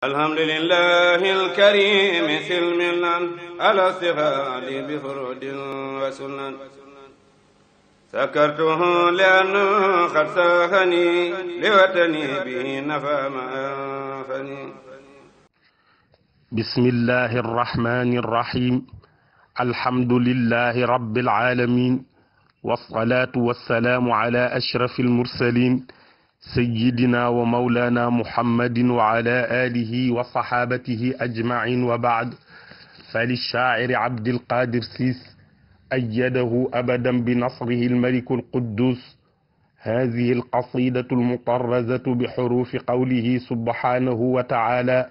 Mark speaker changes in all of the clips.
Speaker 1: الحمد لله الكريم سلم على استغال بفرود وسنن سكرته لأنه قد ساخني لوطني به نفى ما أنفني بسم الله الرحمن الرحيم الحمد لله رب العالمين والصلاة والسلام على أشرف المرسلين سيدنا ومولانا محمد وعلى آله وصحابته أجمعين وبعد فللشاعر عبد القادر سيس أيده أبدا بنصره الملك القدوس هذه القصيدة المطرزة بحروف قوله سبحانه وتعالى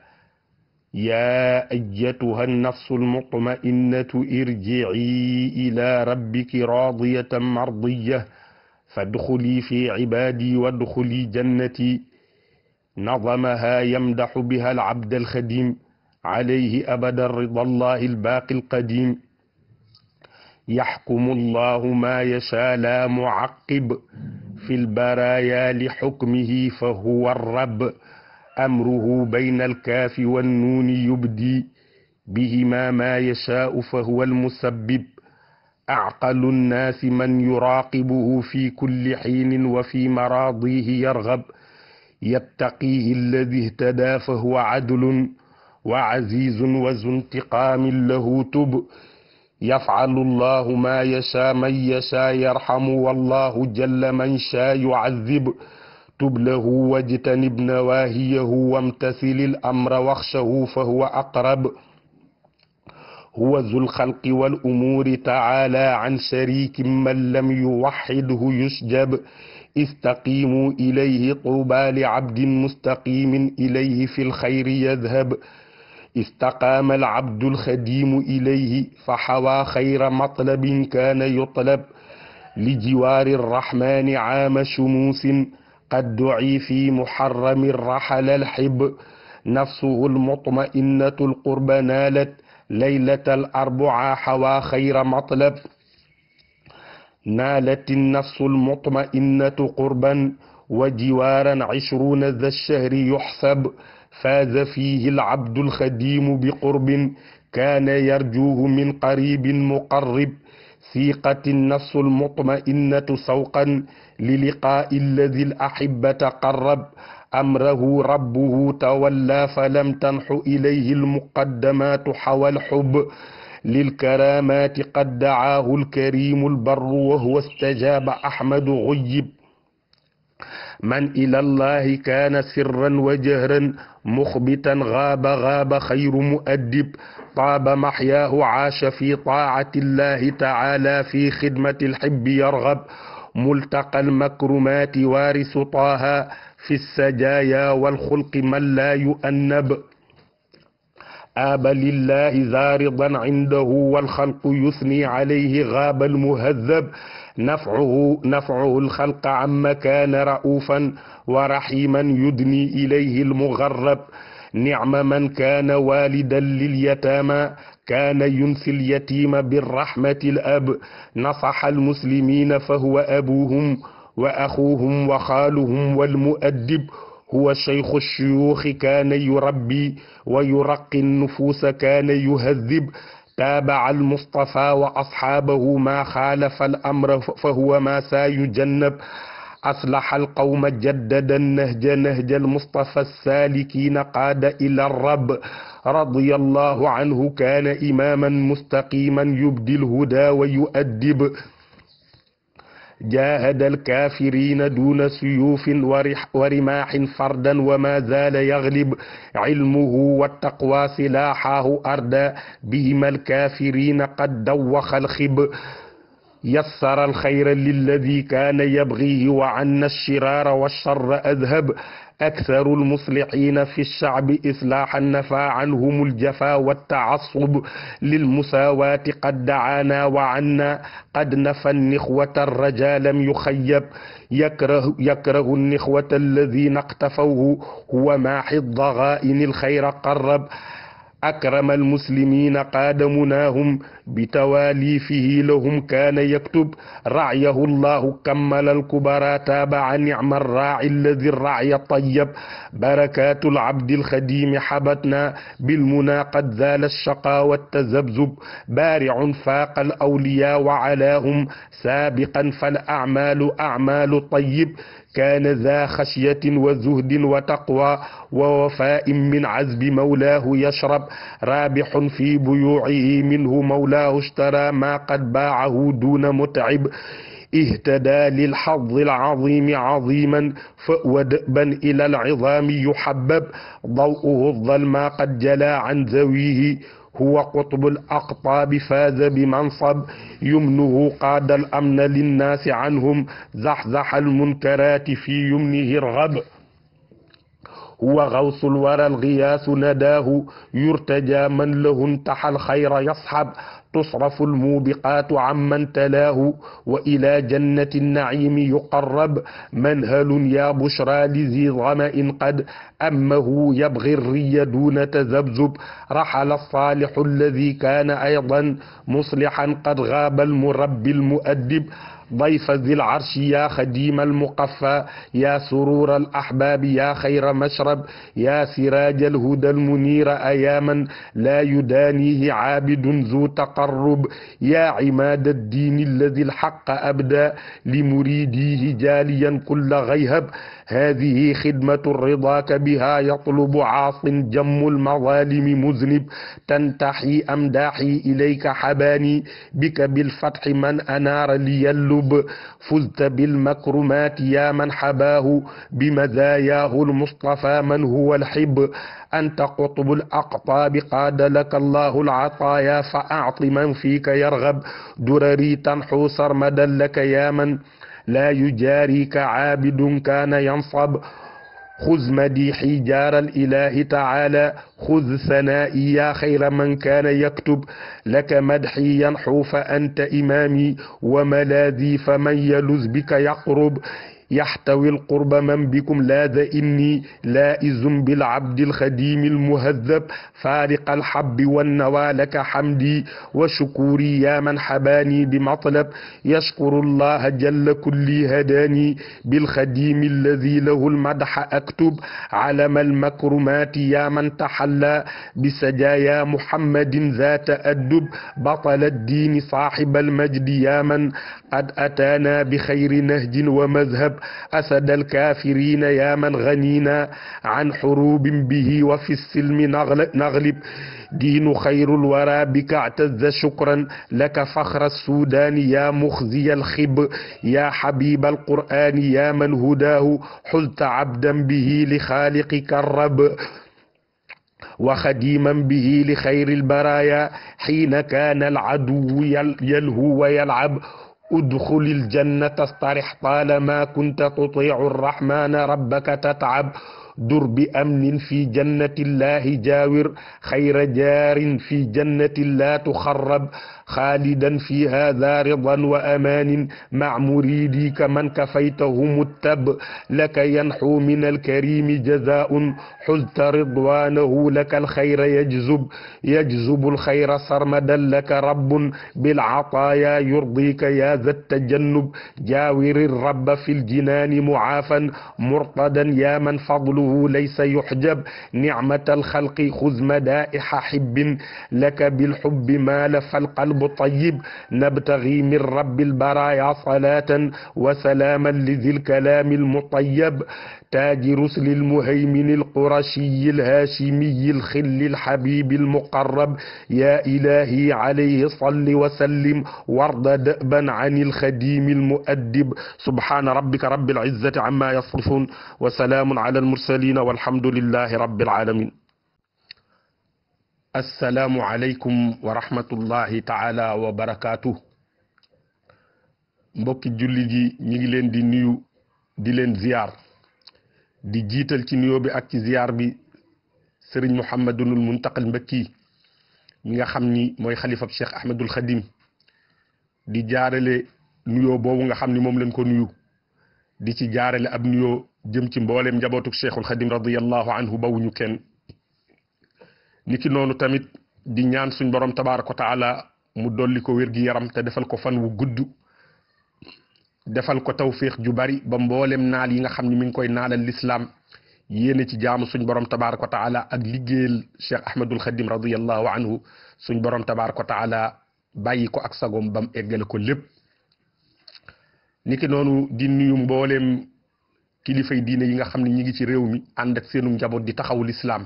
Speaker 1: يا أيتها النفس المطمئنة ارجعي إلى ربك راضية مرضية فادخلي في عبادي وادخلي جنتي نظمها يمدح بها العبد الخديم عليه أبدا رضا الله الباقي القديم يحكم الله ما يشاء لا معقب في البرايا لحكمه فهو الرب أمره بين الكاف والنون يبدي بهما ما يشاء فهو المسبب acqalu nnaasi man yuraaqibuhu fi kulli xiinin wa fi maraadihi yargab yattaqihi alladi ihtadaa fa huwa adlun wa azizun wa zuntiqaamin lahu tub yafcalu allahu maa yashaa man yashaa yarxamu wallahu jalla man shaa yucadib tub lahu wajtanib nawaahiyahu wamtasili l amra waxshahu fa huwa aqrab huwa zul xalqi wal umuuri taala an shariki man lam yuwaxidhu yusjab istaqimu ilayhi qurbaa li cabdin mustaqimin ilayhi fi lxayri yadhab istaqaama alcabdu alxadiimu ilayhi fa xawaa xayra matlabin kaana yutlab li jiwaari arraxmaani caama shumuusin qad duci fi muxarrami raxala alxib nafsuhu almutma'innatu alqurba naalat laylatal arbua xawaa xayra matlab naalati nafsul mutma'innatu qurban wa jiwaaran ishruuna za shahri yuxsab faaza fiihi alabdul xadiimu bi qurbin kaana yarjuuhu min qariibin muqarrib siiqati nafsul mutma'innatu sawqan li liqaa'i allazil ahibbata qarrab amrahu rabbuhu tawalla falam tanxu ilayhi almuqaddamatu xawa alxub lilkaramati qad dacaahu alkarimu albarru wahuwa istajaaba ahmadu guyib man ila allahi kaana sirran wa jahran muxbitan gaaba gaaba xayru muaddib taaba maxyaahu caasha fi taacati illahi tacaala fi xidmati alxibbi yargab multaqa almakrumaati waarisu taaha fi sajaaya walxulqi man laa yu'annab aaba lillahi zaaridan indahu walxalqu yusni alayhi gaaba almuhazab nafcuhu nafcuhu alxalqa amma kaana ra'ufan wa raximan yudni ilayhi almugarrab nicma man kaana walidan lilyataama kaana yunsi alyatiima birraxmati alab nasaxa almuslimina fahuwa abuhum wa axuuhum wa xaaluhum wal mu'addib huwa shaykhu shuyuuxi kaana yurabbi wa yuraqi nufuusa kaana yuhaddib taabaca almustafa wa asxaabahu maa xaalafa alamra fa huwa maa saa yujannab aslaxa alqawma jaddadan nahja nahja almustafa alsaalikiina qaada ila arrab radia allahu anhu kaana imaaman mustaqiman yubdi alhuda wa yu'addib jaahada alkaafirina duuna suyuufin wa rimaaxin fardan wa ma zaala yaglib cilmuhu wa taqwa silaaxaahu arda bihima alkaafirina qad dawaxa alxib yassara alxayra lilladi kaana yabgihi wa anna alshiraara wa alsharra adhab aktaru almuslihina fi lchaabi islaahan nafa anhum aljafa waltaasub lilmusawaati qad dacaana wa anna qad nafa nixwata alraja lam yuxayab yakrahu yakrahu nixwata alladina iqtafawhu huwa maaxi dagaini alxayra qarab akrama almuslimina qaadamunaahum bitawaalifihi lahum kaana yaktub racyahu llahu kammala alkubara taabaca nicma alraaci alladi racya tayab barakaatu alcabdi alxadimi xabatna bilmuna qad zaala alshaqaawa altazabzub baaricun faaqa alawliya wa calaahum saabiqan falacmaalu acmaalu tayib kaana daa xashyatin wa zuhdin wa taqwa wa wafaa'in min azbi mawlaahu yashrab raabixun fi buyuucihi minhu mawlaahu ishtaraa maa qad baacahu duuna mutcib ihtadaa lilxadi alcazimi caziman fawa dëban ila alcidaami yuxabab dawuhu dalma qad jalaa can zawihi huwa qutbul aqtaabi faaza bi mansab yumnuhu qaadal amna linnaasi anhum zaxzaxal munkaraati fi yumnihi irghab huwa gawsul waral giyaasu nadaahu yurtajaa man lahun taxal xayra yasxab تصرف الموبقات عمن تلاه وإلى جنة النعيم يقرب منهل يا بشرى لذي ظمأ قد أمه يبغي الري دون تذبذب رحل الصالح الذي كان أيضا مصلحا قد غاب المربي المؤدب ضيف ذي العرش يا خديم المقفى يا سرور الأحباب يا خير مشرب يا سراج الهدى المنير أياما لا يدانيه عابد ذو تقرب يا عماد الدين الذي الحق أبدى لمريديه جاليا كل غيهب هذه خدمة رضاك بها يطلب عاص جم المظالم مذنب تنتحي أمداحي إليك حباني بك بالفتح من أنار لي اللب فزت بالمكرمات يا من حباه بمزاياه المصطفى من هو الحب أنت قطب الأقطاب قاد لك الله العطايا فأعط من فيك يرغب درري تنحو سرمدا لك يا من laa yujaarika caabidun kaana yansab xuz madixi jaaral ilaahi tacaala xuz sanaa'i yaa xayra man kaana yaktub laka madxi yanxu fa anta imaami wa malaadi fa man yaluz bika yaqrub yaxtawi alqurba man bikum laada inni laa'izum bilabdi alxadimi almuhadab faariqa alxabbi wannawaa laka xamdi wa shukuri ya man xabaani bimatlab yashkuru allaha jalla kulli hadaani bilxadimi alladi lahu almadxa aktub calama almakrumaati ya man taxalla bisajaaya muhammadin zaata addub batal addiini saaxiba almajdi ya man qad ataana bi xayri nahjin wa mazhab أسد الكافرين يا من غنينا عن حروب به وفي السلم نغلب دين خير الورى بك اعتز شكرا لك فخر السودان يا مخزي الخب يا حبيب القرآن يا من هداه حلت عبدا به لخالقك الرب وخديما به لخير البرايا حين كان العدو يلهو ويلعب udxulil jannata starix taalama kunta tutiicu arrahmana rabbaka tatcab dur bi amnin fi jannati llahi jaawir xayra jaarin fi jannati laa tuxarrab xaalidan fiha daa ridan wa amaanin mac muriidi ka man kafaytahumu tab laka yanxu min alkarimi jazaun xulta ridwanahu laka alxayra yajzub yajzubu alxayra sarmadan laka rabbun bilcataaya yurdika yaa za tajannub jaawiri rabba fi ljinaani mucaafan murtadan yaa man fadlu عنه ليس يحجب نعمة الخلق خذ مدائح حب لك بالحب مال فالقلب طيب نبتغي من رب البرايا صلاة وسلاما لذي الكلام المطيب تاج رسل المهيمن القرشي الهاشمي الخل الحبيب المقرب يا إلهي عليه صل وسلم وارض دأبا عن الخديم المؤدب سبحان ربك رب العزة عما يصفون وسلام على المرسلين والحمد لله رب العالمين assalaamu aleykum wa rahmatullahi taala wa barakaatu mbokki jullit yi ñi ngi leen di nuyu di leen ziyaar di jiital ci nuyoo bi ak ci ziyaar bi sëriñ Mouhamadul Muntaqal Mbakki mi nga xam ni mooy xalifab Cheikh Ahmadul Xadim di jaarale nuyoo boobu nga xam ni moom lañ ko nuyu di ci jaarale ab nuyo jëm ci mbooleem njabootuk Cheikhul Xadim radiyallahu anhu ñu kenn niki noonu tamit di ñaan suñ borom tabaaraka wa mu dolli ko wér gi yaram te defal ko fan wu gudd defal ko tawfiix ju bari ba mboolem naal yi nga xam ne mi ngi koy naalal lislaam yéene ci jaamu suñ borom tabaaraka wa taala ak liggéeyal Cheikh Ahmadul Xadim radiyallahu anhu suñ borom tabaaraka wa taala bàyyi ko ak sagoom bam eggale ko lépp niki noonu di nuyu mbooleem kilifay diine yi nga xam ne ñi ngi ci réew mi ànd ak seenu njaboot di taxaw lislaam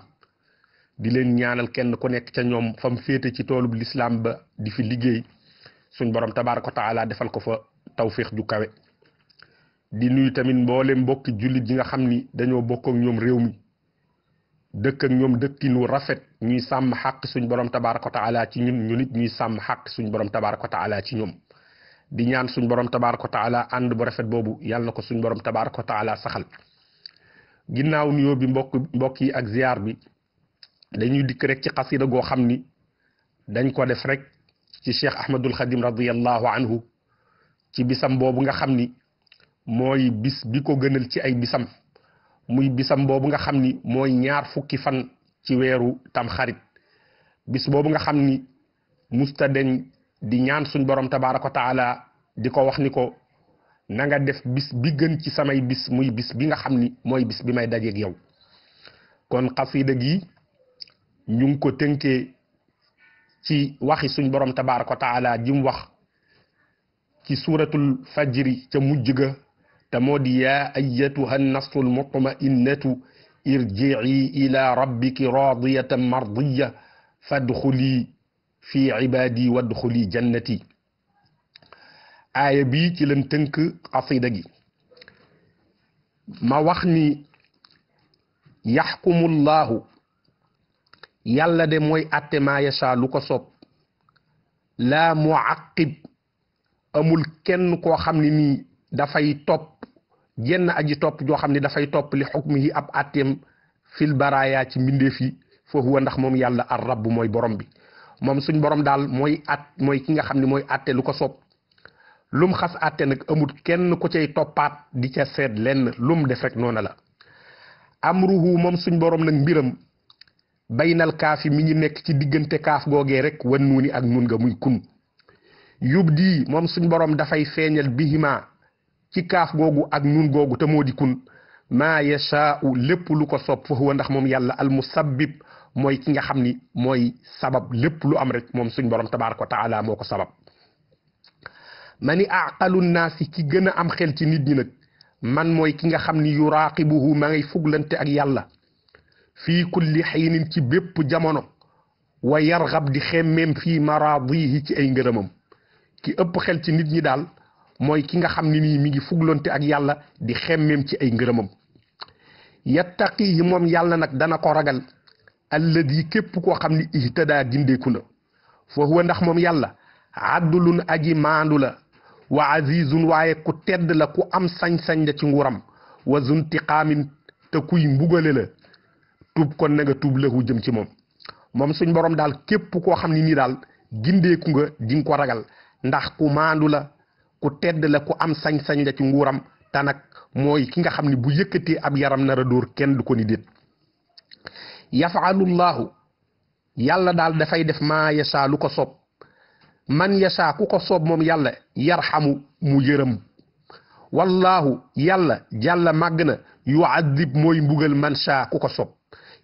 Speaker 1: di leen ñaanal kenn ku nekk ca ñoom fam féete ci toolub lislaam ba di fi liggéey suñ borom tabaaraka wa taala defal ko fa tawféex ju kawe di nuyu tamit mboole mbokki jullit yi nga xam ni dañoo bokk ak ñoom réew mi dëkk ak ñoom dëkkinu rafet ñuy sàmm xaq suñ borom tabaaraka wa taala ci ñun ñu nit ñuy sàmm borom tabaaraka wa ci ñoom di ñaan suñ borom tabaaraka wa taala ànd bu rafet boobu yàlla na ko suñ borom tabaaraka wa taala saxal ginnaaw nuyoo bi mbokk mbokk yi ak ziar bi dañuy dikk rek ci xasida goo xam ni dañ ko def rek ci cheikh ahmadul xadim radiallahu anhu ci bisam boobu nga xam ni mooy bis bi ko gënal ci ay bisam muy bisam boobu nga xam ni mooy ñaar fukki fan ci weeru tamxarit bis boobu nga xam ni musta deñ di ñaan suñ borom tabaaraka taala di ko wax ni ko na nga def bis bi gën ci samay bis muy bis bi nga xam ni mooy bis bi may dajeeg yow kon xasida gi ñu ngi ko tënkee ci waxi suñ borom tabaaraka taala ji wax ci suuratul fajri ca mujj ga te moo di yaa ayyatuha nafsu almutma'innatu irji'i ila rabbiki radiyatan mardiya fadxuli fi ibadi wadxuli jannati aaya bi ci lan tënk xasida ma wax ni yaxkumu llahu yàlla de mooy atte maa yasha lu ko soob laa muaqib amul kenn koo xam ne nii dafay topp jenn aji topp joo xam ne dafay topp li xukmi yi ab atteem fil baraya ci mbindeef yi foofu wa ndax moom yàlla ar rabb mooy borom bi moom suñ borom daal mooy at mooy ki nga xam ne mooy atte lu ko soob lum xas atte nag kenn ku cay toppaat di ca seet lenn lum def rek noona la amruhu moom suñ borom nag mbiram baynal kaaf yi mi ngi nekk ci diggante kaaf googee rek wan nuuni ak nun nga muy kun yubdi moom suñ borom dafay feeñal bihima ci kaaf googu ak nun googu te moo di kun maa yashaau lépp lu ko sopp ndax moom yàlla al musabbib mooy ki nga xam ni mooy sabab lépp lu am rek moom suñ borom tabaaraka wa taala moo ko sabab ma ni aqalu naasi ki gën a am xel ci nit ñi nag man mooy ki nga xam ni yuraaqibuhu ma ngay fuglante ak yàlla fii kulli xiinin ci bépp jamono wa yarxab di xemmeem fii maraadihi ci ay ngërëmam ki ëpp xel ci nit ñi daal mooy ki nga xam ne nii mi ngi fuglonte ak yàlla di xemmeem ci ay ngërëmam yattaqi yi moom yàlla nag dana ko ragal alladi képp koo xam ni ihtadaa gindeeku na fa huwa ndax moom yàlla addulun aji maandu la wa azizun waaye ku tedd la ku am sañ-sañ la ci nguuram wa zuntiqaamin te kuy mbugale la tuub kon na nga tuub lahu jëm ci moom moom suñ borom daal képp koo xam ni nii daal gindeeku nga di ko ragal ndax ku maandu la ku tedd la ku am sañ-sañ la ci nguuram te mooy ki nga xam ni bu yëkkatee ab yaram nar a kenn du ko ni déet yafaalullahu yàlla daal dafay def maa yasaa lu ko soob man yasaa ku ko soob moom yàlla yarxamu mu yërëm wallaahu yàlla jàlla màgg na yuadib mooy mbugal man saa ku ko soob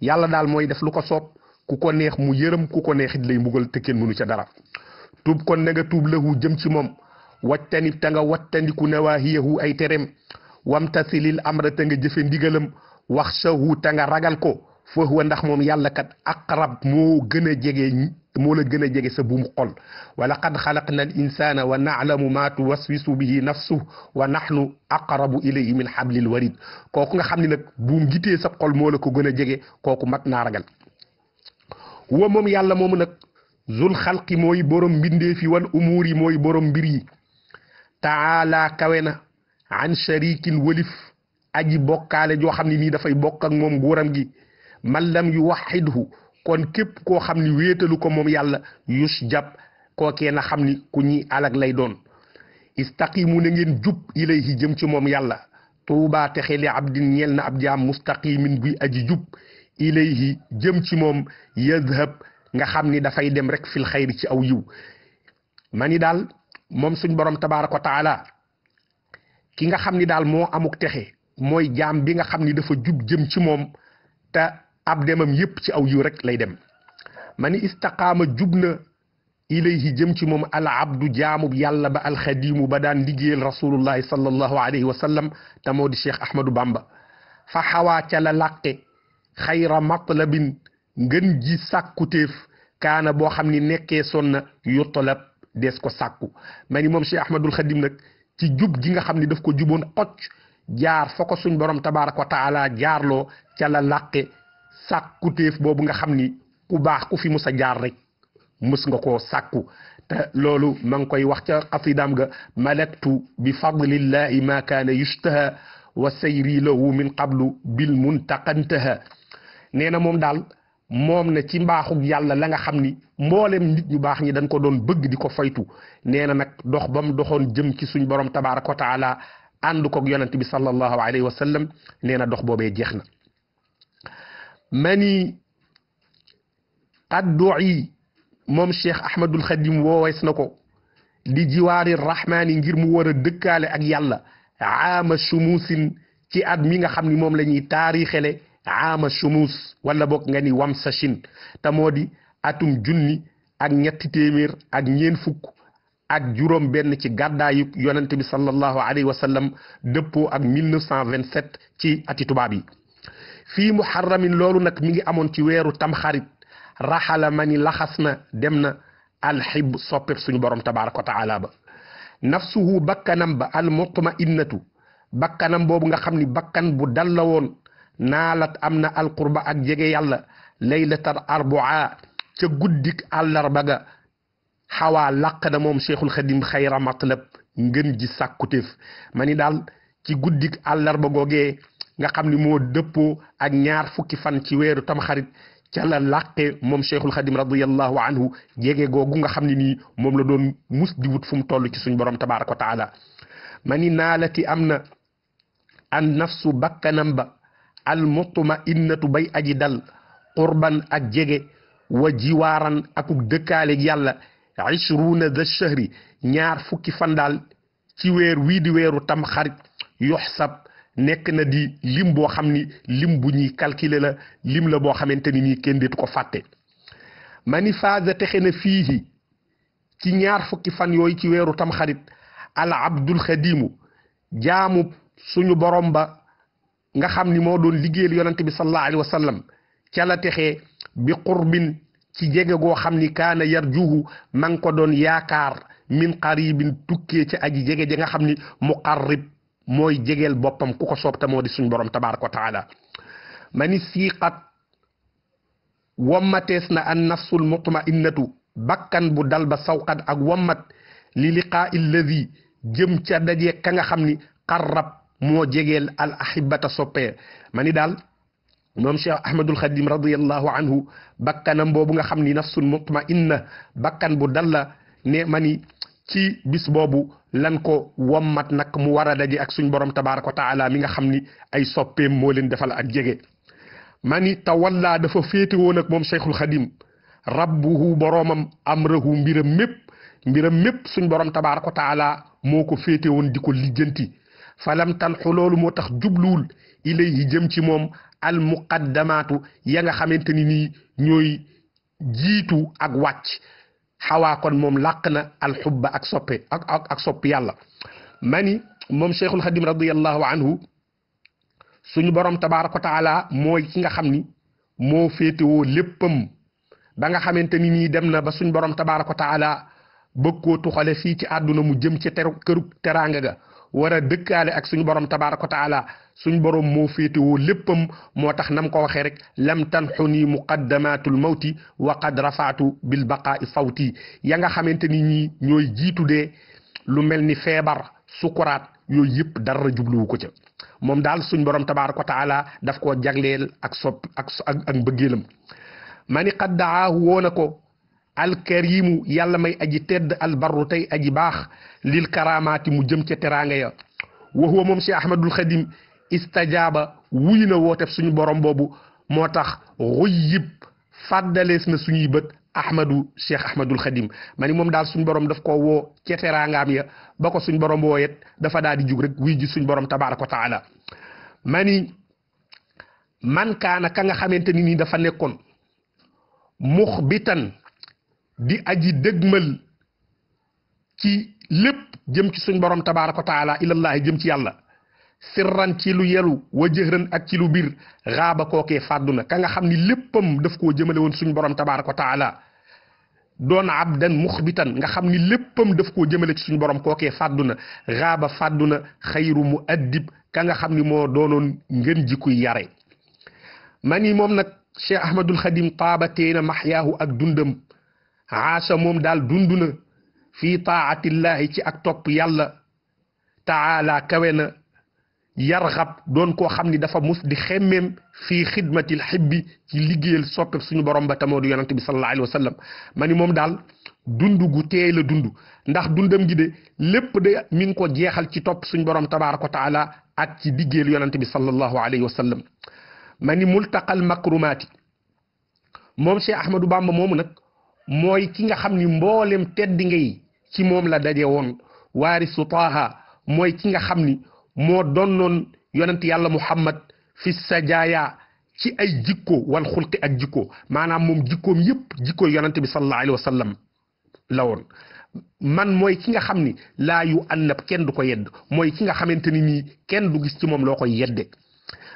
Speaker 1: yàlla daal mooy def lu ko soob ku ko neex mu yërëm ku ko neexit lay mbugal te kenn mënu ca dara tuub kon na nga tuub lahu jëm ci moom wattanib ta nga wattandiku nawaahiyahu ay terem wamtasilil amra ta nga jëfe ndigalam wax sahu ta nga ragal ko foofu wa ndax moom yàlla kat aqrab moo gën a jege moo la gën a jege sa buum xol wa laqad xalaqna al insana wa naalamu ma tuwaswisu bihi nafsuhu wa nahnu aqrabu ilayhi min hablil warid kooku nga xam ne nag buum gitee sa xol moo la ko gën a jege kooku mat naa ragal wa moom yàlla moomu zul xalqi mooy borom mbindeefi wal umuur yi mooy borom mbir yi taala kawe na an sharikin wëlif aji bokkale joo xam ne nii dafay bokk ak moom nguuram gi man lam yu waxidhu kon képp koo xam ni wéetalu ko moom yàlla yus jab kookee na xam ni ku ñuy alag lay doon istaqimu na ngeen jub ilayhi jëm ci moom yàlla tuubaa texe li abdin ñeel na ab jaam mustaqimin buy aji jub ilayhi jëm ci moom yadhab nga xam ni dafay dem rek fil xayri ci aw yiw ma ni daal moom suñ borom tabaaraka wa ki nga xam ni daal moo amuk texe mooy jaam bi nga xam ni dafa jub jëm ci moom te ab demam yépp ci aw yiw rek lay dem ma ni istaqaama jub na ilayhi jëm ci moom al abdu jaamub yàlla ba alxadimu ba daan liggéeyal rasulullahi sallallahu alayhi wa sallam te moo di cheikh ahmadou bamba fa xawaa ca la làqe matlabin ngën ji sàkkuteef kaana boo xam ni nekkee son na yuttalab dees ko sakku mani ni moom Cheikh Ahmadul Xadim nag ci jub ji nga xam ni daf ko juboon xocc jaar fa ko suñ borom tabaaraka wa taala jaarloo ca la làqe sàkkuteef boobu nga xam ni ku baax ku fi mus a jaar rek mus nga koo sàkku te loolu ma ngi koy wax ca xasidaam ga malaktu bi fadlillahi ma kaana yushtaha wa sayri lahu min qablu bil muntaqantaha nee na moom daal moom na ci mbaaxug yàlla la nga xam ni mboolem ñu baax ñi dañ ko doon bëgg di ko faytu nee na nag dox ba mu doxoon jëm ci suñ borom tabaaraka wa taala ànd koog yonent bi sallallahu alayhi wa sallam nee na dox boobee jeex na ma ni qad du'i moom Cheikh Ahmadul Xadim woowees na ko di jiwaari rahmaani ngir mu war a dëkkaale ak yàlla aama shumuusin ci at mi nga xam ni moom la ñuy taarixele ama shumus wala bokk nga ni wamsa shin te moo di atum junni ak ñetti téeméer ak ñeen fukk ak juróom benn ci gàddaayu yonente bi sallallahu alayhi wa sallam dëppoo ak 1927 ci ati tubaab yi fii muharramin loolu nag mi ngi amoon ci weeru tamxarit raxala ma ni laxas na dem na alxib soppeb suñu borom tabaraka wa taala ba nafsuhu bakkanam ba almutma innatu bakkanam nga xam bakkan bu dal woon naalat am na alqurba ak jege yàlla laylatal arbua ca guddik àllarba ga xawaa làq na moom cheikhul xadim xayra matlab ngën ji sàkkuteef ma ni daal ci guddik àllarba googee nga xam ni moo dëppoo ak ñaar fukki fan ci weeru tamxarit ca la làqe moom cheikhul xadim radiallahu anhu jege googu nga xam ne nii moom la doon mus di wut fu mu toll ci suñ borom tabaraka wa naalati am na an nafsu bakkanam ba al mutma innatu bay aji dal qurban ak jege wa jiwaaran akuk dëkkaaleeg yàlla ishruuna da shahri ñaar fukki fan dal ci weer wii di weeru tam xarit yuxsab nekk na di lim boo xam ni lim bu ñuy calculer la lim la boo xamante ni nii kenn dit ko fàtte manifaza texe na fii ci ñaar fukki fan yooyu ci weeru tam xarit al abdul xadimu jaamu suñu borom nga xam ni moo doon liggéeyal yonante bi sallallahu alayhi wa sallam ca bi qurbin ci jege goo xam ni kaana yarjuhu ma ngi ko doon yaakaar min qaribin tukke ci aji jege ja nga xam ni muqarrib mooy jegeel boppam ku ko soob ta moo di suñ borom tabaraka wa taala mani siiqat wammatees na an nafsul mutmainnatu bakkan bu dal ba sawqat ak wammat li liqaa illadi jëm ca dajee ka nga xam ni qarrab moo jegeel al ahibata soppe ma ni daal moom Cheikh Ahmadul Xadim radiallahu anhu bakkanam boobu nga xam ni nafsun mutma inna bakkan bu dal la ne ma ni ci bis boobu lan ko wommat nag mu war a daje ak suñ borom tabaraka wa mi nga xam ni ay soppeem moo leen defal ak jege ma ni tawalla dafa féete woon ak moom Cheikhul Xadim rabbuhu boromam amrahu mbiram mépp mbiram mépp suñ borom tabaraka wa taala moo ko féete woon di ko lijjanti falam talxu loolu moo tax jublul ilayhi jëm ci moom al muqaddamaatu ya nga xamante ni nii ñooy jiitu ak wàcc xawaa kon moom làq na alxubba ak soppe ak mani moom cheikhul xadim radiallahu anhu suñu borom tabaaraka wa taala mooy ki nga xam ni moo féetewoo léppam ba nga xamante ni nii dem na ba suñu borom tabaaraka wa taala bëgg koo tuxale fii ci àdduna mu jëm ci teru këru teraanga ga war a dëkkaale ak suñu borom tabaaraka wa taala suñ borom moo féetewoo léppam moo tax nam ko waxee rek lam tanxu nii muqaddamatul mawti wa qad rafaatu bil baqaai sawti ya nga xamante ni ñii ñooy jiitu dee lu mel ni feebar sukuraat yooyu yëpp dara jubluwu ko ca moom daal suñ borom tabaaraka wa taala daf koo jagleel ak sopp mbëggeelam ma ni qad woona ko alkarimu yàlla may aji tedd albarru tey aji baax lil karamaati mu jëm ca teraanga ya wa moom Cheikh Ahmadul Xadim istajaaba wuy na wootef suñu borom boobu moo tax xuyib fàddalees na suñuy bët ahmadu Cheikh Ahmadul Xadim ma ni moom daal suñu borom daf ko wo ca ya ba ko suñu borom wooyet dafa daal di jug rek wuy ji suñu borom tabaaraka wa taala man kaana ka nga xamante ni nii dafa nekkoon muxbitan di aji dëgmal ci lépp jëm ci suñ borom tabaaraka taala jëm ci yàlla sirran ci lu yelu wa ak ci lu biir xaaba kookee fàddu na ka nga xam ni léppam daf koo jëmale woon suñ borom tabaaraka taala doon abdan nga xam ni léppam daf koo jëmale ci suñ borom kookee fàddu na xaaba fàddu na mu ka nga xam ni moo doonoon ngën jikuy yare ma ni moom nag Cheikh Ahmadul Xadim taabatee na maxyaahu ak dundam aasha moom daal dund na fii taatillahi ci ak topp yàlla taala kawe na yarxab doon koo xam ni dafa mus di xemmeem fii xidmatil xibbi ci liggéeyal soppe suñu borom ba tamoo du yonante bi sallallahu alayhi wa sallam ma ni moom daal dund gu teey la dund ndax dundam gi de lépp de mi ngi ko jeexal ci topp suñu borom tabaaraka wa taala ak ci liggéeyal yonante bi sallallahu alayhi wa sallam ma ni multaqal makrumaati moom Cheikh Ahmadou Bamba moomu nag mooy ki nga xam ni mboolem tedd ngay ci moom la daje woon waarisu taaha mooy ki nga xam ni moo donnoon yonent yàlla muhammad fi sajaaya ci ay jikko wal xulqi ak jikko maanaam moom jikkoom yépp jikko yonent bi sallallahu alayhi wa sallam man mooy ki nga xam ni laa yu annab kenn du ko yedd mooy ki nga xamante ni nii kenn du gis ci moom loo koy yedde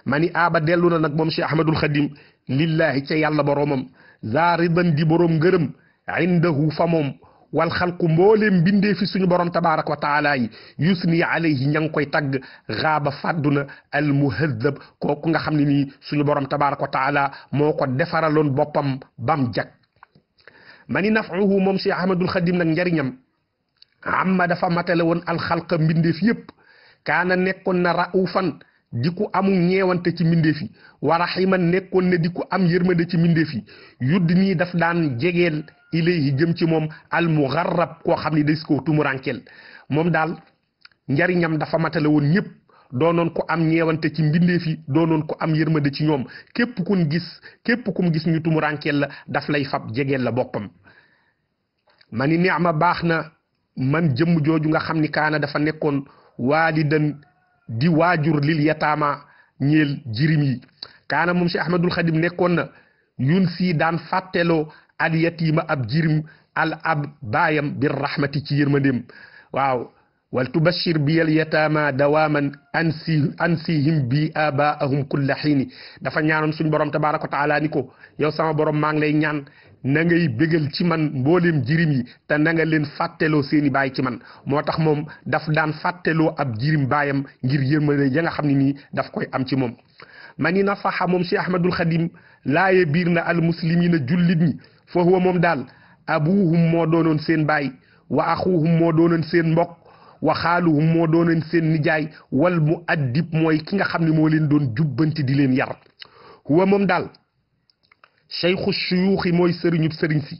Speaker 1: ma ni aaba dellu na nag moom Cheikh Ahmadul Xadim lillahi ca yàlla boroomam zaaridan di boroom ngërëm indahu fa wal xalqu mbooleem mbindee fi suñu borom tabaaraka wa yi ña ngi koy tagg xaaba fàdduna kooku nga xam ne nii suñu borom tabaaraka wa moo ko defaraloon boppam bam jag mani naf'uhu moom Cheikh Ahmadul Xadim nag njariñam amma dafa matale woon alxalqa mbindeef yépp kaana nekkoon na raufan di ku amul ñeewante ci mbindeef yi wa raximan nekkoon na di ku am yërmande ci mbindeef yi yudd nii ilayhi jëm ci moom al mugarrab koo xam ni des koo tumurankel moom daal njariñam dafa matale woon ñëpp doonoon ko am ñeewante ci mbindeef yi doonoon ko am yërmande ci ñoom képp kun gis képp kum gis ñu tumurankel la daf lay fab jegeel la boppam ma ni neex baax na man jëmm jooju nga xam ni kaana dafa nekkoon waalidan di waajur lil yataama ñeel jirim yi kaana moom Cheikh Ahmadul Xadim nekkoon na yun sii daan fàtteloo al yatiima ab jirim al ab baayam bir rahmati ci yërmandeem waaw wal tubashir biyal yataama dawaaman ansi ansihim bi abaahum kulla xiini dafa ñaanoon suñ borom tabaaraka wa taala ni ko yow sama borom maa ngi lay ñaan nangay ngay bégal ci man mbooleem jirim yi te nanga leen fàtteloo seeni baay ci man moo tax moom daf daan fàtteloo ab jirim baayam ngir yërmande ya nga xam ne nii daf koy am ci moom mani nafaha moom Cheikh Ahmadul Xadim laaye biir na al muslimina fa huwa moom daal abuhum moo doonoon seen baay wa axuhum moo doonoon seen mbokk wa xaaluhum moo doonoon seen nijaay wal mu addib mooy ki nga xam ne moo leen doon jubbanti di leen yar huwa moom daal cheikhu suyuuxi mooy sëriñub sëriñ si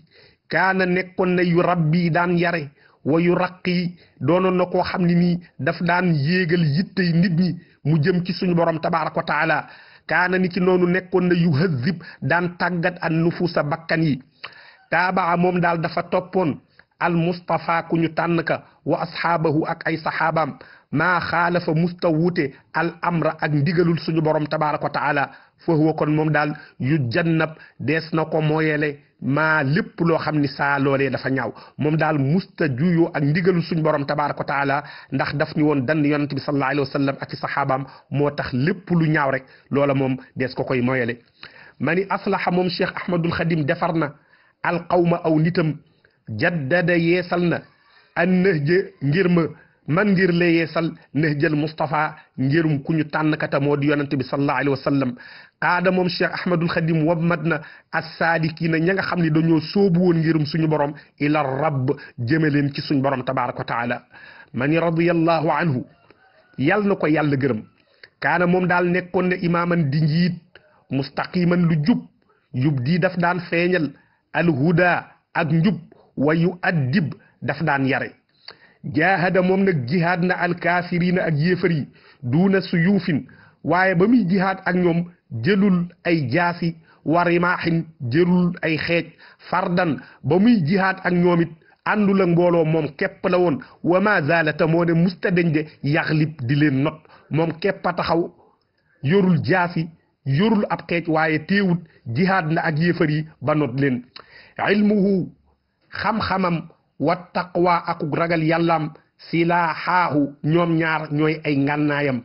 Speaker 1: kaana nekkoon na yu rabbi daan yare wa yu raq yi doonoon na koo xam ne daf daan yéegal yittey nit ñi mu jëm ci suñu borom tabaaraka wa kaana ni ki noonu nekkoon na yu hazib daan tàggat an nufusa bakkan yi taabaa moom daal dafa toppoon al mustafa ku ñu tànn ka wa asxaabahu ak ay saxaabaam maa xaalafa musta wuute al amra ak ndigalul suñu borom tabaaraka wa taala fahuwa kon moom daal yu jannab dees na ko mooyele maa lépp loo xam ni saa loolee dafa ñaaw moom daal musta juyoo ak ndigalu suñ borom tabaaraka wa ndax daf ñu woon dann yonent bi sallallahu alayhi wa sallam ak ci saxaabaam moo tax lépp lu ñaaw rek loola moom dees ko koy mooyele ma ni aslaha moom cheikh ahmadul xadim defar na alqawma aw nitam jaddada yeesal na an nahja man ngir léeyee sal nehjal Moustapha ngirum ku ñu tànn kata moo di yonante bi sallallahu alayhi wa sallam qaada moom Cheikh Ahmadul Xadim wabmat na assaadikiina ña nga xam ne dañoo soobu woon ngirum suñu borom ila rabb jëme leen ci suñu borom tabaraka wa taala mani radiyallahu anhu yal na ko yàlla gërëm kaana moom daal nekkoon ne imaaman di njiit mustaqiman lu jub yub dii daf daan feeñal alhuda ak njub wa yu addib daf daan yare jaahada moom nag jihaad na alkaafirina ak yéefar yi duuna suyuufin waaye ba muy jihaad ak ñoom jëlul ay jaasi wa rimaaxin ay xeej fardan ba muy jihaad ak ñoom it àndul mbooloo moom képp la wa ma zalata moo ne musta dañ de yaxlib di leen not moom keppa taxaw yorul jaasi yorul ab xeej waaye teewut jihaad na ak yéefar yi ba not leen ilmuhu xam-xamam wa taqwa akuk ragal yàllaam silaaxaahu ñoom ñaar ñooy ay ngànnaayam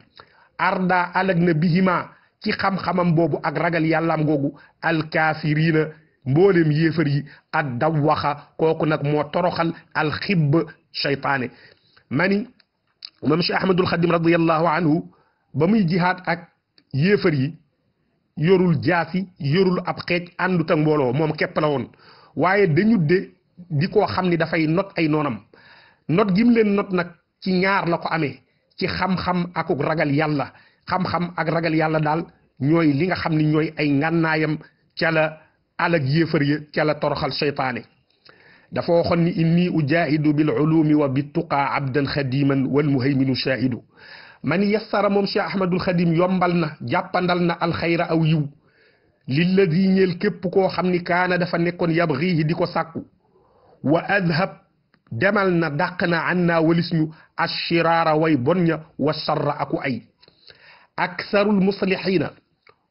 Speaker 1: arda alag na bihima ci xam-xamam boobu ak ragal yàllaam googu alkaafiriina mboolem yéefar yi ak dawwaxa kooku nag moo toroxal alxibb shaytaane mani moom Cheikh Ahmadul Xadim radiallahu anhu ba muy jihaad ak yéefar yi yorul jaasi yorul ab xeej àndut ak mbooloo moom képp la woon waaye di koo xam ni dafay not ay noonam not gim not nag ci ñaar la ko amee ci xam-xam akuk ragal yàlla xam-xam ak ragal yàlla daal ñooy li nga xam ni ñooy ay ngànnaayam ca la alag yéefar ya ca la toroxal seytaane dafa waxoon ni inni ujaahidu bil ulumi wa bi tuqaa abdan xadiman wal muhayminu shaahidu man yassara moom Cheikh Ahmadul Xadim yombal na jàppandal na alxayra aw yiw lilladi ñeel képp koo xam ni kaana dafa nekkoon yabxiihi di ko sàkku wa adhab demal na dàq na an naa walis ñu ashiraara way bon ña wa sarra aku ay aksarul muslihiina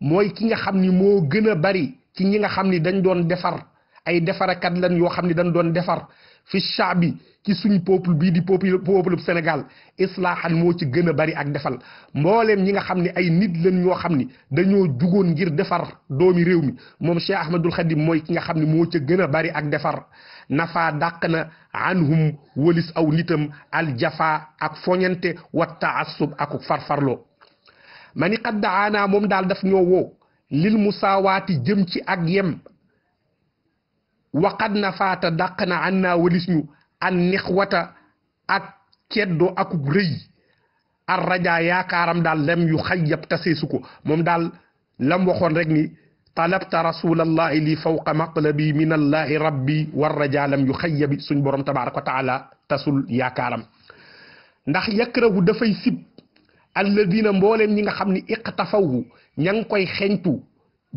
Speaker 1: mooy ki nga xam ni moo gën a bari ci ñi nga xam ni dañ doon defar ay defarakat lan yoo xam ni dañ doon defar fi shabi ci suñ peuple bii di peuple peuple Sénégal islaahan moo ci gën a bari ak defal mbooleem ñi nga xam ne ay nit lañ ñoo xam ni dañoo jugoon ngir defar doomi réew mi moom Cheikh Ahmadul Khadim mooy ki nga xam ne moo ci gën a bari ak defar nafa dàq na anhum wëlis aw nitam aljafa ak foñante wa taassub ak farfarloo ma ni qad daana moom daal daf ñoo woo lil musaawaati jëm ci ak yem waqad nafaata dàq na an naa wëlis ñu an nixwata ak ceddoo akub rëy ar raja yaakaaram daal yu xayyab taseesu ko moom daal lam waxoon rek talabta rasulallahi li fawqa maqlabi min allahi rabbi war rajaalam yu xayya bi suñ borom tabaaraka wa taala tasul yaakaaram ndax yakrahu dafay sib alladina mbooleem ni nga xam ni iqtafawu ña ngi koy xeñtu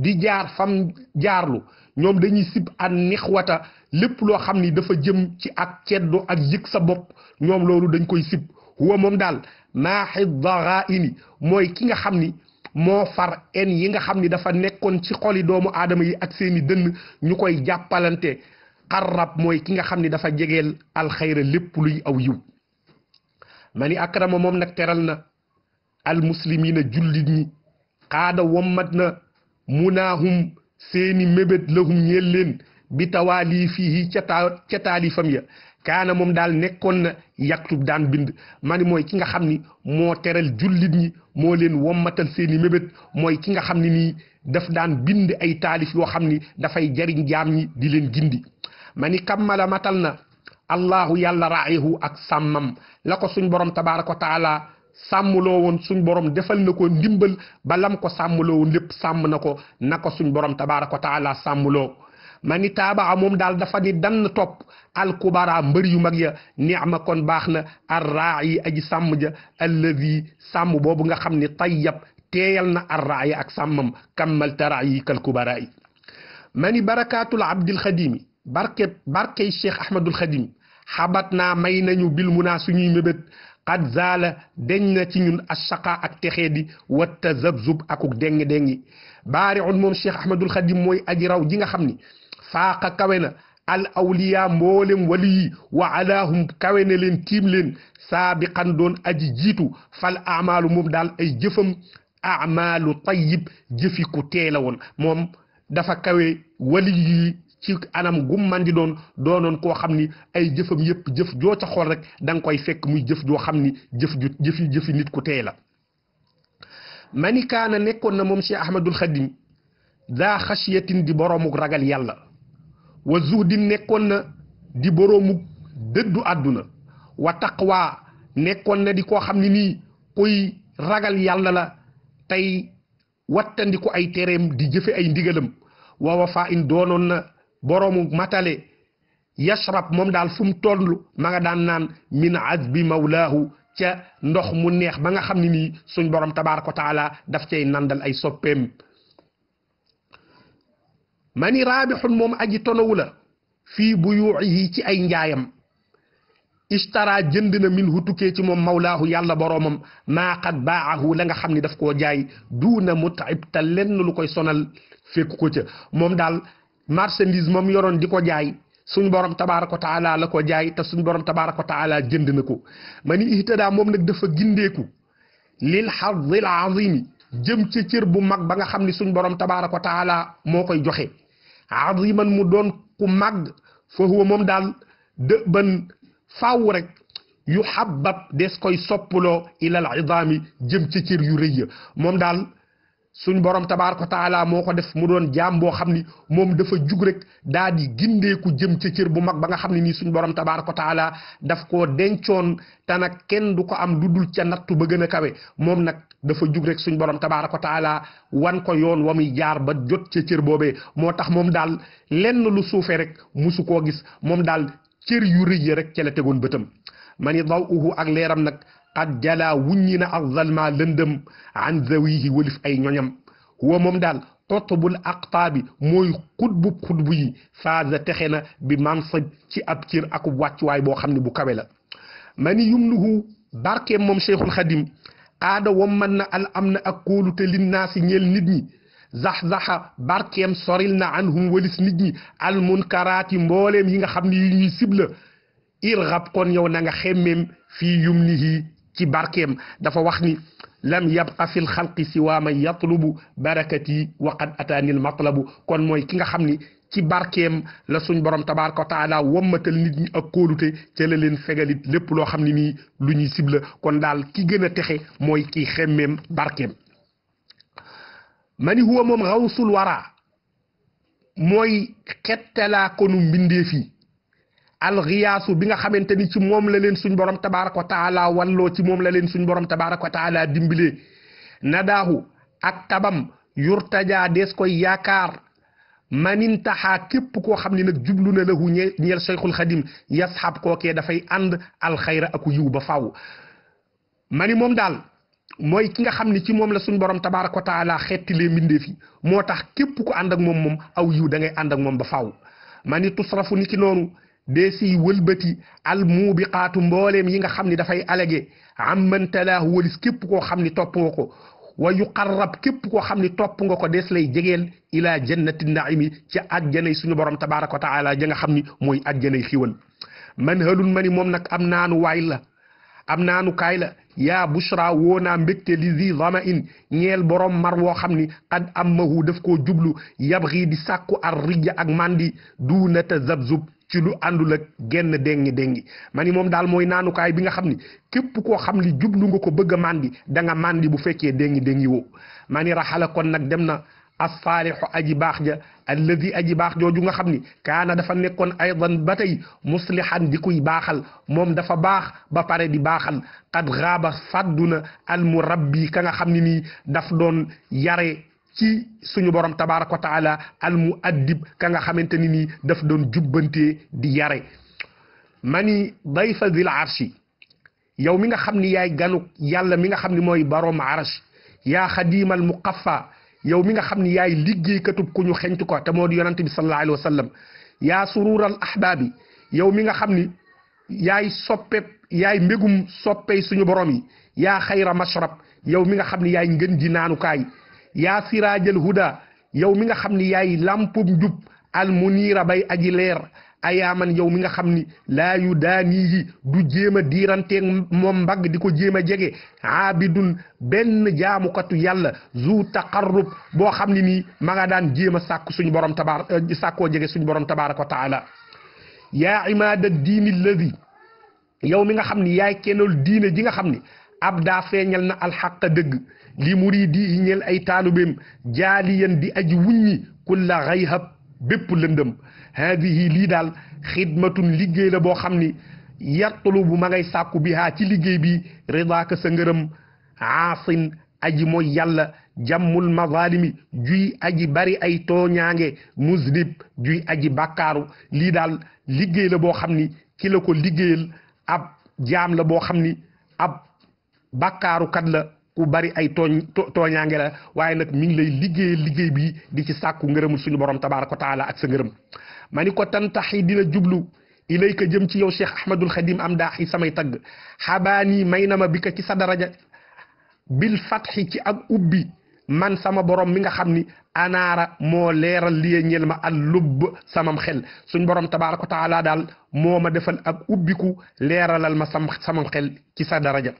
Speaker 1: di jaar fam jaarlu ñoom dañuy sib an nixwata lépp loo xam ni dafa jëm ci ak ceddo ak yëg sa bopp ñoom loolu dañ koy sib huwa moom daal naaxi daraini mooy ki nga xam ni moo far en yi nga xam ni dafa nekkoon ci xoli doomu aadama yi ak seeni dënn ñu koy jàppalante xarrab mooy ki nga xam ni dafa jegeel alxayra lépp luy aw yiw ma ni akrama moom nag teral na almuslimina jullit ñi xaada wommat na munaahum seeni mébét lahum ñeel leen bi tawaalifihi ca ta ca taalifam ya kaana moom daal nekkoon na yaktub daan bind ma mooy ki nga xam ni moo teral jullit ñi moo leen wommatal seen i mébét mooy ki nga xam ne nii daf daan bind ay taalif yoo xam ni dafay jariñ jaam ñi di leen gindi ma ni kammala matal na allahu yàlla raayihu ak sàmmam la ko suñ borom tabaaraka wa taala sàmmloo woon suñ borom defal na ko ndimbal ba ko sàmmloo woon lépp sàmm na ko na ko borom tabaaraka wa taala sàmmloo ma ni taabaa moom daal dafa ni dann topp alkubara mbër yu mag ya niama kon baax na ar raayi aji sàmm ja allazi sàmm boobu nga xam ni tayyab teeyal na ar raaya ak sàmmam kammal taraayi kal kubara yi ma ni barakaatul abdil xadimi barke barkey cheikh ahmadul xadim xabat naa may nañu bil munaa suñuy mébét xad zaala deñ na ci ñun ashaqa ak texee di watta zabzub akuk déng déngi baari un moom cheikh ahmadul xadim mooy aji raw ji nga xam ni faaqa kawe na al awliya mboolem wali wa alaahum kawe leen tiim leen saabiqan doon aji jiitu fal amaalu moom daal ay jëfam amaalu tayyib jëfi ku teela woon moom dafa kawe wali yi anam gum man di doon doonoon koo xam ni ay jëfam yëpp jëf joo ca rek da nga koy fekk muy jëf joo xam ni jëf ju jëfi jëfi nit ku teey la manikaana nekkoon na moom Cheikh Ahmadul Xadim daa xasiyatin di ragal yàlla wa zuhdi nekkoon na di boroomu dëddu àdduna wa taqwa nekkoon na di koo xam ne nii kuy ragal yàlla la tey wattandiku ay tereem di jëfe ay ndigalam wa wafa in doonoon na boroomu matale yashrab moom daal fu mu toll ma nga daan naan min azbi mawlaahu ca ndox mu neex ba nga xam ne ni suñ borom tabaaraka wa taala daf cay nandal ay soppeem mani raabixun moom aji tonawu la fii buyuuxihi ci ay njaayam ishtara jënd na min hu tukkee ci moom mawlaahu yàlla boroomam maa qad baahu la nga xam ni daf koo jaay duuna mutib te lenn lu koy sonal fekk ko ca moom daal marchandise moom yoroon di ko jaay suñ borom tabaaraka taala la ko jaay te suñ borom tabaaraka jënd na ko mani ihtadaa moom nag dafa gindeeku lil xadil azimi jëm ca cër bu mag ba nga xam ni suñ borom tabaaraka taala moo koy joxe aziman mu doon ku màgg fa huwa moom daal dë ban rek yu xabab des koy soppaloo ilal idaami jëm ci cër yu rëy moom daal suñ borom tabaaraka taala moo ko def mu doon jaam boo xam ni moom dafa jug rek daa di gindeeku jëm ca cër bu mag ba nga xam ne nii suñ borom tabaaraka taala daf koo dencoon te nag kenn du ko am lu dul ca nattu ba gën a kawe moom nag dafa jug rek suñ borom tabaaraka wa taala wan ko yoon wa muy jaar ba jot ca cër boobee moo tax moom daal lenn lu suufee rek musu koo gis moom daal cër yu rëy rek ca la tegoon bëtam man i daw uhu ak leeram nag qad jala wuññi na ak zalma lëndëm an zawihi walif ay ñoñam huwa moom daal qutbul aqtaabi mooy xutbu xutbu yi faaza texe na bi mansab ci ab cër akub wàccuwaay boo xam ne bu kawe la mani yumnuhu barkeem moom cheikhul xadim aada wommat na al am na ak kóolute linnaasi ñeel nit ñi zax-zaxa barkeem soril na anhum walis nit ñi al munkaraati mbooleem yi nga xam ne yu ñuy sibla irxab kon yow na nga xemmeem fii yumnihi ci barkeem dafa wax ni lam yabqa fi lxalqi siwa man yatlubu barakati wa qad ataani lmatlabu kon mooy ki nga xam ni ci barkeem la suñ borom tabaaraka wa taala wammatal nit ñi ak kóolute ca leen fegalit lépp loo xam ne nii lu ñuy sibla kon daal ki gën a texe mooy kii xemmeem barkeem mani huwa moom xawsul wara mooy xettalaa konu mbindeef yi alxiyaasu bi nga xamante ni ci moom la leen suñ borom tabaaraka wa taala walloo ci moom la leen suñ borom tabaaraka wa taala dimbilee nadaahu ak tabam yurtajaa yaakaar manintaxaa képp koo xam ni nag jublu na lahu ñeel cheikhul xadim yasxab kookee dafay ànd alxayra aku yiw ba faw ma moom daal mooy ki nga xam ne ci moom la suñ borom tabaaraka wa taala xettilee mbindeef yi moo tax képp ku ànd ak moom aw yiw da ngay ànd ak moom ba faaw ma ni tusrafu ni ki noonu dee siy wëlbati al muubiqaatu mbooleem yi nga xam ni dafay alage amman talaahu walis képp koo xam ni toppoo ko wa yuqarrab képp koo xam ni topp nga ko des lay jegeel ila jannati naimi ci ajjanay suñu borom tabaraka wa taala ja nga xam ni mooy ajjanay xiwal man halun ma ni moom nag am naanu waay la am naanu kaay la yaa bushra woo naa mbégte li zi zama in ñeel borom mar woo xam ni qad ammahu daf koo jublu yabxi di sàkku ar rija ak mandi duuna tazabzub ci lu àndul ak genn dengi dengi ma ni moom daal mooy naanukaay bi nga xam ni képp koo xam li jublu nga ko bëgg a màndi da nga màndi bu fekkee dengi dengi woo ma ni raxala kon nag dem na asfaalixu aji baax ja alladi aji baax jooju nga xam ni kaana dafa nekkoon aydan ba tey muslihan di kuy baaxal moom dafa baax ba pare di baaxal qad xaaba fàdduna almurabbi ka nga xam ni nii daf doon yare ci suñu borom tabaaraka wa taala al ka nga xamante ni nii daf doon jubbante di yare mani dayfa dil arshi yow mi nga xam ni yaay ganuk yàlla mi nga xam ni mooy borom arsh yaa xadiimal muqaffa yow mi nga xam ni yaay liggéeykatub ku ñu xentu ko te moo di yonante bi sallallahu alayhi wa sallam yaa surural ahbaabi yow mi nga xam ni yaay soppe yaay mbégum soppey suñu borom yi yaa xayra mashrab yow mi nga xam ni yaay ngën ji naanukaay yaa siraajal huda yow mi nga xam ni yay lampum njub al munira bay aji leer ayaaman yow mi nga xam ni laa yu daanihi du jéem a diiranteeg moom mbagg di ko jéem a jege aabidun benn jaamukatu yàlla zu taqarrub boo xam ne nii ma nga daan jéem a sàkk suñu borom tabaar euh, sàkkoo jege suñu borom tabaaraka wa taala yaa diini alladi yow mi nga xam ni yaay kennal diine ji nga xam ni ab daa feeñal na alxaq dëgg li muridi yi ñeel ay taalubeem jaaliyan di aji wuññi kulla xayhab bépp lëndëm haadihi lii daal xidmatun liggéey la boo xam ni yartulubu ma ngay sàkku bi ci liggéey bi ridaaka sa ngërëm aasin aji mooy yàlla jàmmul mazalimi juy aji bari ay tooñaange musnib juy aji bàkkaaru lii daal liggéey la boo xam ni ki la ko liggéeyal ab jaam la boo xam ni bàkkaarukat la ku bari ay tooñ tooñaange la waaye nag mi ngi lay liggéey liggéey bi di ci sàkku ngërëmul suñu borom tabaaraka wa taala ak sa ngërëm ma ni ko tantaxi dina jublu ilayka jëm ci yow Cheikh Ahmadul Xadim am daax yi samay tagg xabaani may na ma bi ka ci sa daraja bil fatxi ci ak ubbi man sama borom mi nga xam ni anaara moo leeral liye ñel ma al lubb samam xel suñ borom tabaaraka wa daal moo ma defal ak ubbiku leeralal ma sam samam xel ci sa daraja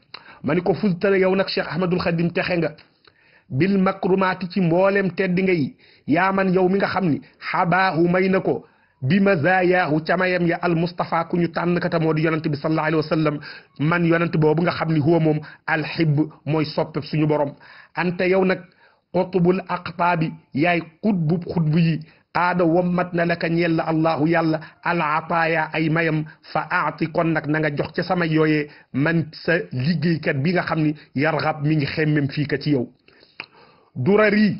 Speaker 1: ma ni ko fustale yow nag Cheikh Ahmadul Xadim texe nga bil makrumaati ci mboolem teddi nga yi yaa man yow mi nga xam ni xabaahu may na ko bi mazayaahu camayam ya al Mustafa ku ñu tànn kata moo di yonent bi sallallahu alayhi wa sallam man yonent boobu nga xam ni huwa moom alxibb mooy soppe suñu borom ante yow nag. qutbul aqtaabi yaay qutbub xutbu yi aada wommat na laka ñeel la allahu yàlla al ataaya ay mayam fa aati kon nag na nga jox ca sama yooyee man sa liggéeykat bi nga xam ni yarxab mi ngi xemmem fii ka ci yow durari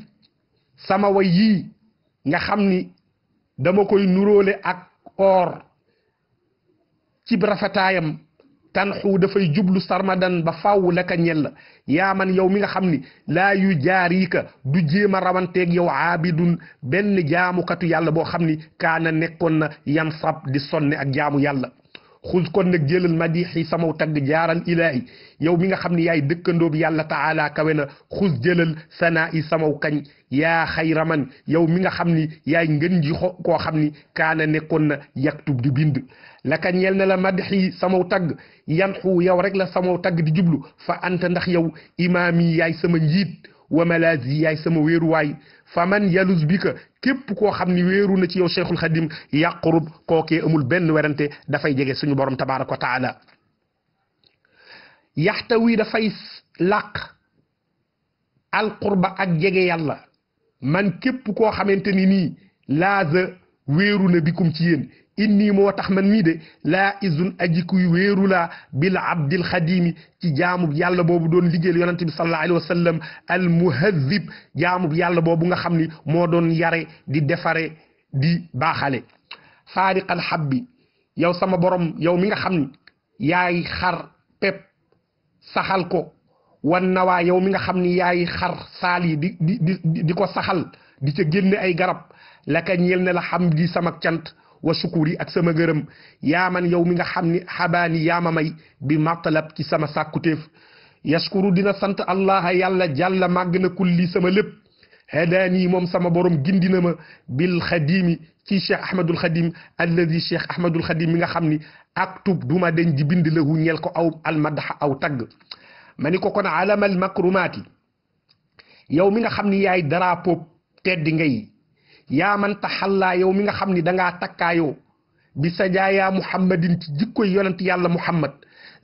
Speaker 1: sama way nga xam ni dama koy nuróole ak or ci rafetaayam tanxu dafay jublu sarmadan ba fàww laka ñel la yaa man mi nga xam ni laa yu jaarika du jéem a rawanteeg yow aabidun benn jaamukatu yàlla boo xam ni kaana nekkoon na yan sab di sonne ak jaamu yàlla xus kon nag jëlal madixi samaw tagg jaaral ilaahi yow mi nga xam ne yaay dëkkandoobi yàlla taala kawe na xus jëlal sanaa samaw kañ yaa xayra man yow mi nga xam ni yaay ngën ji koo xam ni kaana nekkoon na yaktub di bind laka ñeel na la madxi samaw tagg yan xu yow rek la samaw tagg di jublu fa anta ndax yow imaam yi yaay sama njiit wa malazi yaay sama wéeruwaay fa man yalus bi ka képp koo xam ni wéeru na ci yow cheikhul xadim yaqrub kookee amul benn werante dafay jege suñu borom tabaraka wa taala yaxtawi dafay làq alqurba ak jege yàlla man képp koo xamante ni nii laaza weeru na bikum ci yéen inni moo tax man mii de laa izun ajikuy wéeru laa bil abdil xadimi ci jaamub yàlla boobu doon liggéeyal yonante bi sallallahu alayhi wa sallam al muhazib jaamub yàlla boobu nga xam ni moo doon yare di defare di baaxale faariqal habbi yow sama borom yow mi nga xam ni yaay pep saxal ko wan nawaa yow mi nga xam ni yaay xar saal yi di di di di ko saxal di ca génne ay garab laka ñeel na la xam di sama cant wa sukuri ak sama gërëm yaa man yow mi nga xam ni xabaani yaa ma may bi matalab ci sama sàkkuteef yaskuru dina sant allah yàlla jàlla màgg na kulli sama lépp hadaani moom sama borom gindina ma bi xadimi ci cheikh ahmadul xadim alladi cheikh ahmadul xadim mi nga xam ni aktub duma den di bind lahu ñeel ko aw almadaxa aw tagg ma ni ko kon alamal makrumaati yow mi nga xam ni yaay drapeau ngay yaa man taxallaa yow mi nga xam ni da ngaa takkaayoo bi sajaayaa muhammadin ci jikkoy yonent yàlla muhammad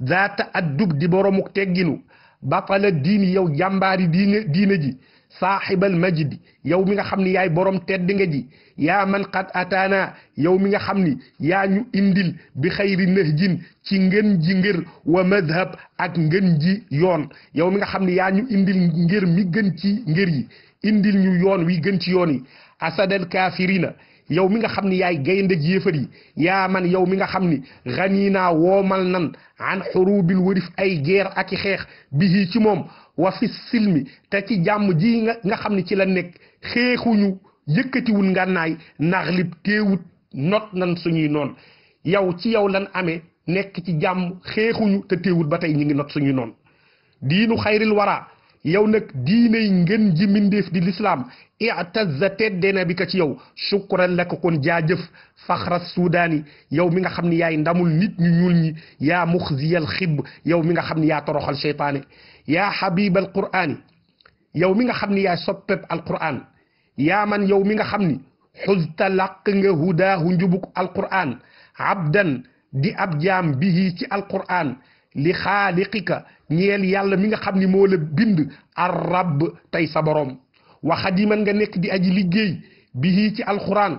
Speaker 1: zaata addub di boromuk tegginu batala diini yow jàmbaari diine diine ji saaxibal majdi yow mi nga xam ni yaay borom tedd nga ji yaa man qad ataana yow mi nga xam ni yaa ñu indil bi xayri nahjin ci ngën ji ngir wa madhab ak ngën ji yoon yow mi nga xam ni yaa ñu indil ngir mi gën ci ngir yi indil ñu yoon wi gën ci yoon yi asadal kaafirina yow mi nga xam ni yaay gayndeg yéefar yi yaa man yow mi nga xam ni xaniinaa woomal nan an xurubil wërif ay guerre ak i xeex bihi ci moom wa fi silmi te ci jàmm ji nga nga xam ni ci lan nekk xeexuñu yëkkatiwul ngànnaay naxlib teewut not nan suñuy noon yow ci yow lan amee nekk ci jàmm xeexuñu te teewut ba tey ñu ngi not suñuy noon diinu xayril wara yow nag diinay ngeen ji mindeef di lislaam itazza teddena bi ka ci yow shukran laka kon jaajëf faxra sudaani yow mi nga xam ne yaay ndamul nit ñu ñuul ñi yaa muxziyal xib yow mi nga xam ne yaa toroxal seytaane yaa xabibal qur'aani yow mi nga xam ni yaay soppeb alqur'aan yaa man yow mi nga xam ni xuzta làq nga hudaahu njubug alqur'aan abdan di ab jaam bihi ci alqur'aan li xaaliqika ñeel yàlla mi nga xam ni moo la bind ar rabb tey sa borom waxadiman nga nekk di aji liggéey bi ci alxuraan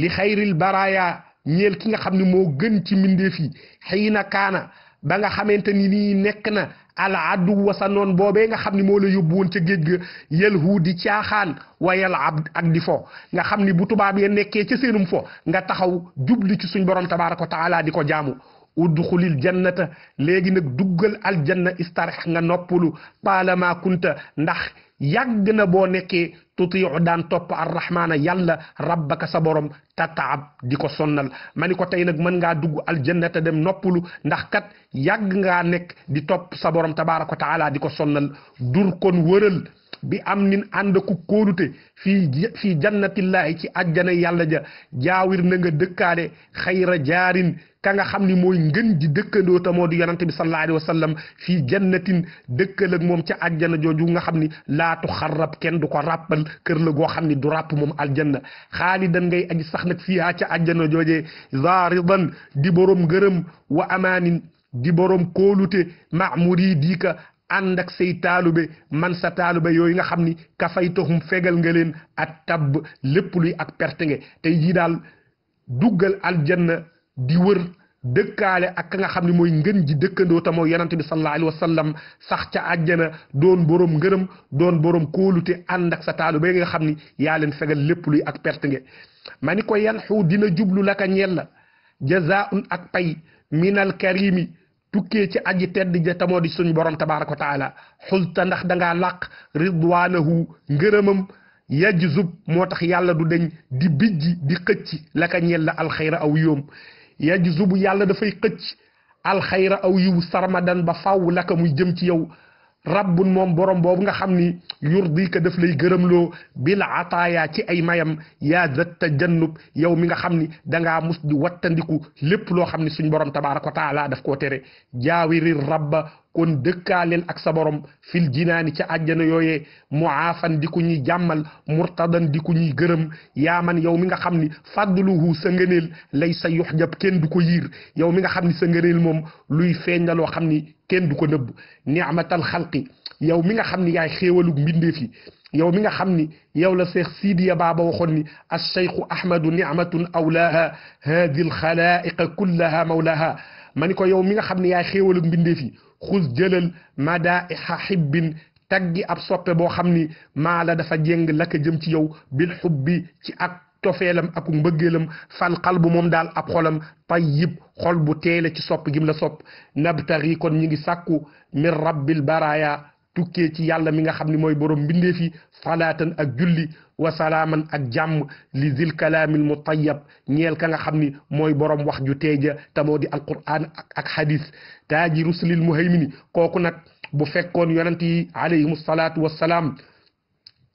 Speaker 1: li xayril baraya ñeel ki nga xam ni moo gën ci mbindeef yi xiina kaana ba nga xamante ni nii nekk na al addu wasa noon boobee nga xam ni moo la yóbbu woon ca géej ga yel huu di caaxaan wayal ab ak di fo nga xam ni bu tubaab ya nekkee ca seenum fo nga taxaw jubli ci suñ borom tabaaraka wa taala di ko jaamu udxulil jannata léegi nag duggal aljanna istarix nga noppalu paalama kunta ndax yàgg na boo nekkee tutiyu daan topp arrahmaana yàlla rabbaka sa borom tataab di ko sonnal ma ni ko tey nag mën ngaa dugg aljannata dem noppalu ndax kat yàgg ngaa nekk di topp sa borom tabaaraka wa taala di ko sonnal dur kon wëral bi am nin ànd ku kóolute fii fii jannatillahi ci ajjana yàlla ja jaawir na nga dëkkaale xayra jaarin ka nga xam ni mooy ngën ji dëkkandoo ta moo bi sallallahu alayhi wa sallam fii jannatin dëkkal ak moom ca àjjana jooju nga xam ni laatu xarrab kenn du ko ràppal kër la goo xam ni du ràpp moom aljanna xaalidan ngay aji sax nag fiihaa ca àjjana joojee zaaridan di borom ngërëm wa amaanin di borom kóolute mamuri diika ànd ak taalu taalube man sa taalube yooyu nga xam ni kafaytahum fegal nga leen ak tabb lépp luy ak perte nge tey jii daal duggal aljanna di wër dëkkaale ak ka nga xam ne mooy ngën ji dëkkandoo ta mooy yonante bi sallallahu alayhi wa sallam sax ca àjjana doon borom ngërëm doon borom kóolute ànd ak sa taalu ba nga xam ni yaa leen fegal lépp luy ak perte nge ma ko yan xu dina jublu laka ñeel la jazaun ak pay minal karimi tukkee ci aji tedd ja tamoo di suñ borom tabaraka wa taala xulta ndax danga làq ridwaanahu ngërëmam yajzub moo tax yàlla du deñ di bijji di xëcc laka ñeel la alxayra aw yoom yajzu bu yàlla dafay xëcc alxayra aw yiw sarmadan ba faw laka mu jëm ci yow rabbun moom borom boobu nga xam ni yurdi ka daf lay gërëmloo bil ataaya ci ay mayam yaa zatta jannub yow mi nga xam ni dangaa mus di wattandiku lépp loo xam ni suñ borom tabaaraka wa taala daf koo tere jaawiri rabba kon dëkkaaleel ak sa borom fil jinaani ca àjjana yooyee muaafan di ku ñuy jàmmal murtadan di ku ñuy gërëm yaa man yow mi nga xam ni fadluhu sa ngëneel lay sa yuxjab kenn du ko yiir yow mi nga xam ni sa ngëneel moom luy feeñ la loo xam ni kenn du ko nëbb ni'matal xalqi yow mi nga xam ni yaay xéewalug mbindeef yi yow mi nga xam ni yow la seex siidiya baaba waxoon ni alcheikhu ahmadu nicmatun awlaaha haadi alxalaa'iqa kullaha mawlaaha ma ni ko yow mi nga xam ni yaay xéewalug mbindeef yi xuz jëlal madaiha hibbin taggi ab soppe boo xam ni maa la dafa jéng laka jëm ci yow bil xubbi ci ak tofeelam ak mbëggeelam fal qalbu moom daal ab xolam tayyib xol bu teele ci sopp gim la sopp nabtari kon ñi ngi sàkku min rabbil baraya tukkee ci yàlla mi nga xam ne mooy borom mbindeef yi salaatan ak julli wa salaaman ak jàmm li zil kalaamil mu tayyab ñeel ka nga xam ni mooy borom wax ju teeja tamoo di alquran ak ak hadis taaji rusulil muhaymini kooku nag bu fekkoon yonent yi alayhimu salaatu wa salaam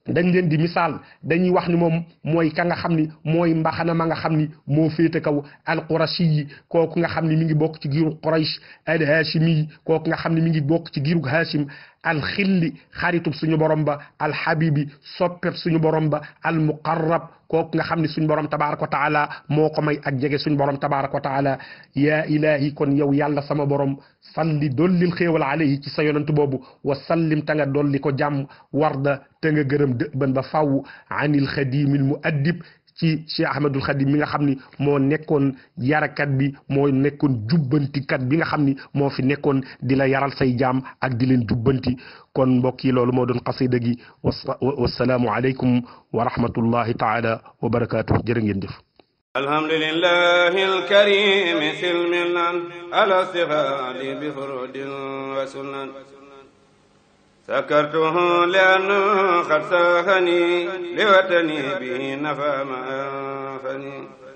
Speaker 1: dañ leen di misaal dañuy wax ni moom mooy ka nga xam ni mooy mbaxana ma nga xam ni moo féete kaw alqurashi yi kooku nga xam ni mi ngi bokk ci giirug quraysh al hashimi yi kooku nga xam ni mi ngi bokk ci giirug hashim alxilli xaritub suñu borom ba alhabibi soppeb suñu borom ba almuqarrab kooku nga xam ne suñu borom tabaraka wa taala moo ko may ak jege suñu borom tabaraka wa taala yaa ilahi kon yow yàlla sama borom salli dollil xéewal alayhi ci sa yonant boobu wa sallim ta nga dolli ko jàmm warda te nga gërëm dëban ba faw anil xadimil muaddib ci Cheikh Ahmadul Khadim mi nga xam ni moo nekkoon yarakat bi moo nekkoon jubbantikat bi nga xam ni moo fi nekkoon di la yaral say jaam ak di leen jubbanti kon mbokk yi loolu moo doon xasida gi wassalaamu aleykum taala wa barakaatuh jërë ngeen سكرته لأنه قد ساخني لوتني به نفى ما أنفني